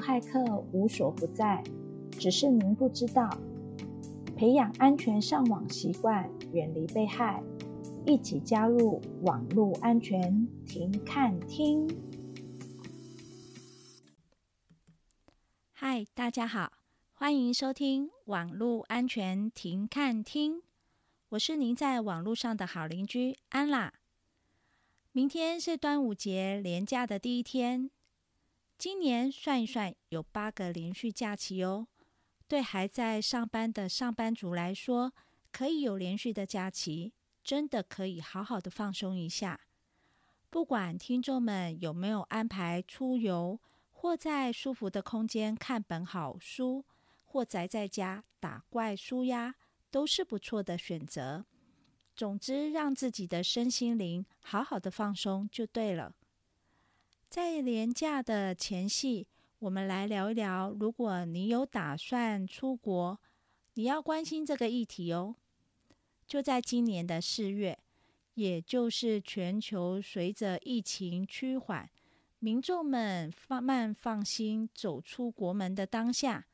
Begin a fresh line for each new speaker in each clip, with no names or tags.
駭客無所不在，只是您不知道。培養安全上網習慣，遠離被害，一起加入網絡安全停看聽。嗨，大家好，歡迎收聽網絡安全停看聽。我是您在網絡上的好鄰居安啦。明天是端午節連假的第一天。今年算一算，有八個連續假期哦。對還在上班的上班族來說，可以有連續的假期，真的可以好好的放鬆一下。不管聽眾們有沒有安排出遊，或在舒服的空間看本好書，或宅在家打怪紓壓，都是不錯的選擇。總之，讓自己的身心靈好好的放鬆就對了。在連假的前夕，我們來聊一聊。如果你有打算出國，你要關心這個議題哦。就在今年的四月，也就是全球隨着疫情趨緩，民眾們放慢、放心走出國門的當下，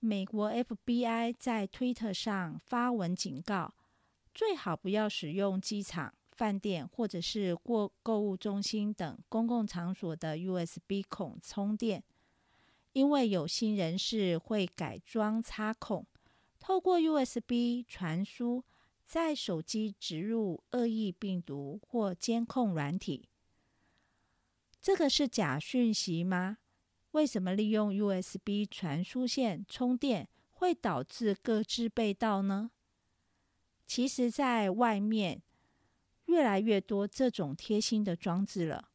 美國 FBI 在推特上發文警告：最好不要使用機場。飯店或者是過購物中心等公共場所的 USB 孔充電，因為有心人士會改裝插孔，透過 USB 傳輸，在手機植入惡意病毒或監控軟體。這個是假訊息嗎？為什麼利用 USB 傳輸線充電會導致個資被盜呢？其實，在外面，越來越多這種貼心的裝置了，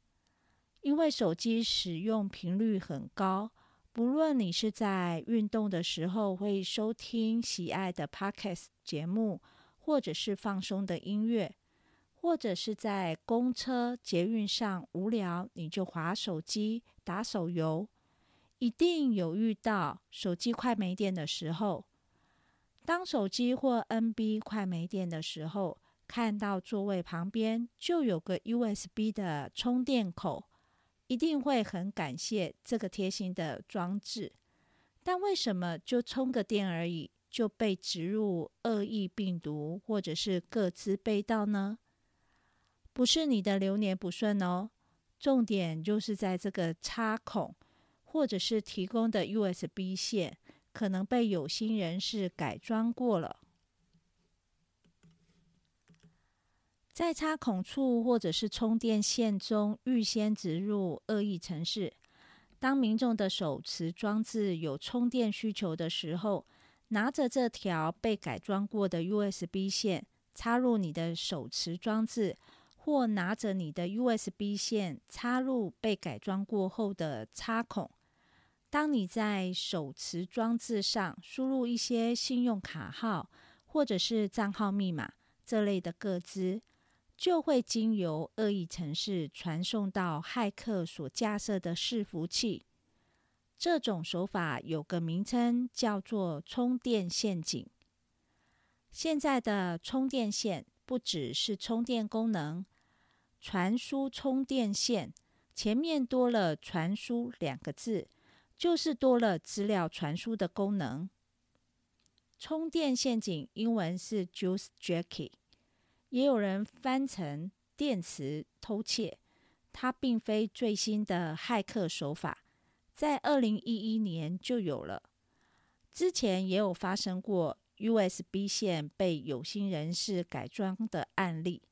因為手機使用頻率很高，不論你是在運動的時候會收聽喜愛的 podcast 節目，或者是放鬆的音樂，或者是在公車、捷運上無聊，你就滑手機打手遊，一定有遇到手機快沒電的時候，當手機或 NB 快沒電的時候，看到座位旁邊就有個 USB 的充電口，一定會很感謝這個貼心的裝置。但為什麼就充個電而已就被植入惡意病毒，或者是個資被盜呢？不是你的流年不順哦，重點就是在這個插孔，或者是提供的 USB 線，可能被有心人士改裝過了。在插孔處或者是充電線中預先植入惡意程式。當民眾的手持裝置有充電需求的時候，拿着這條被改裝過的 USB 線插入你的手持裝置，或拿着你的 USB 線插入被改裝過後的插孔。當你在手持裝置上輸入一些信用卡號或者是賬號密碼這類的個資。就會經由惡意程式傳送到駭客所架設的伺服器。這種手法有個名稱叫做充電陷阱。現在的充電線不只是充電功能，傳輸充電線前面多了“傳輸”兩個字，就是多了資料傳輸的功能。充電陷阱英文是 juice jacking 也有人翻成電池偷竊，它並非最新的駭客手法，在二零一一年就有了。之前也有發生過 USB 線被有心人士改裝的案例，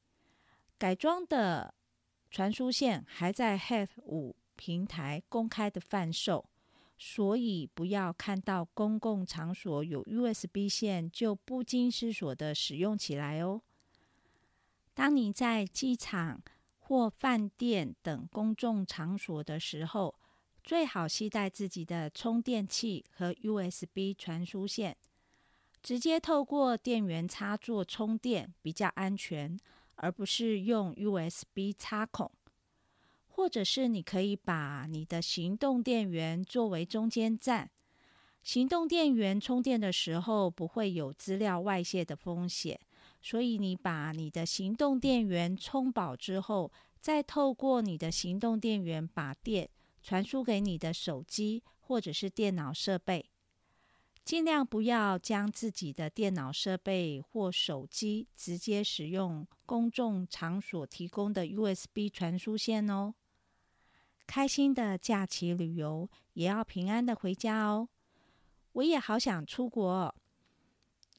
改裝的傳輸線還在 Hat 五平台公開的販售，所以不要看到公共場所有 USB 線就不經思索的使用起來哦。當你在機場或飯店等公眾場所的時候，最好攜帶自己的充電器和 USB 傳輸線，直接透過電源插座充電比較安全，而不是用 USB 插孔。或者是你可以把你的行動電源作為中間站，行動電源充電的時候不會有資料外泄的風險。所以，你把你的行動電源充飽之後，再透過你的行動電源把電傳輸給你的手機或者是電腦設備。盡量不要將自己的電腦設備或手機直接使用公眾場所提供的 USB 傳輸線哦。開心的假期旅遊，也要平安的回家哦。我也好想出國哦。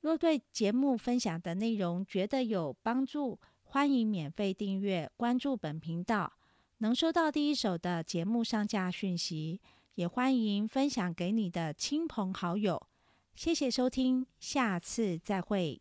若對節目分享的內容覺得有幫助，歡迎免費訂閱關注本頻道，能收到第一手的節目上架訊息，也歡迎分享給你的親朋好友。謝謝收聽，下次再會。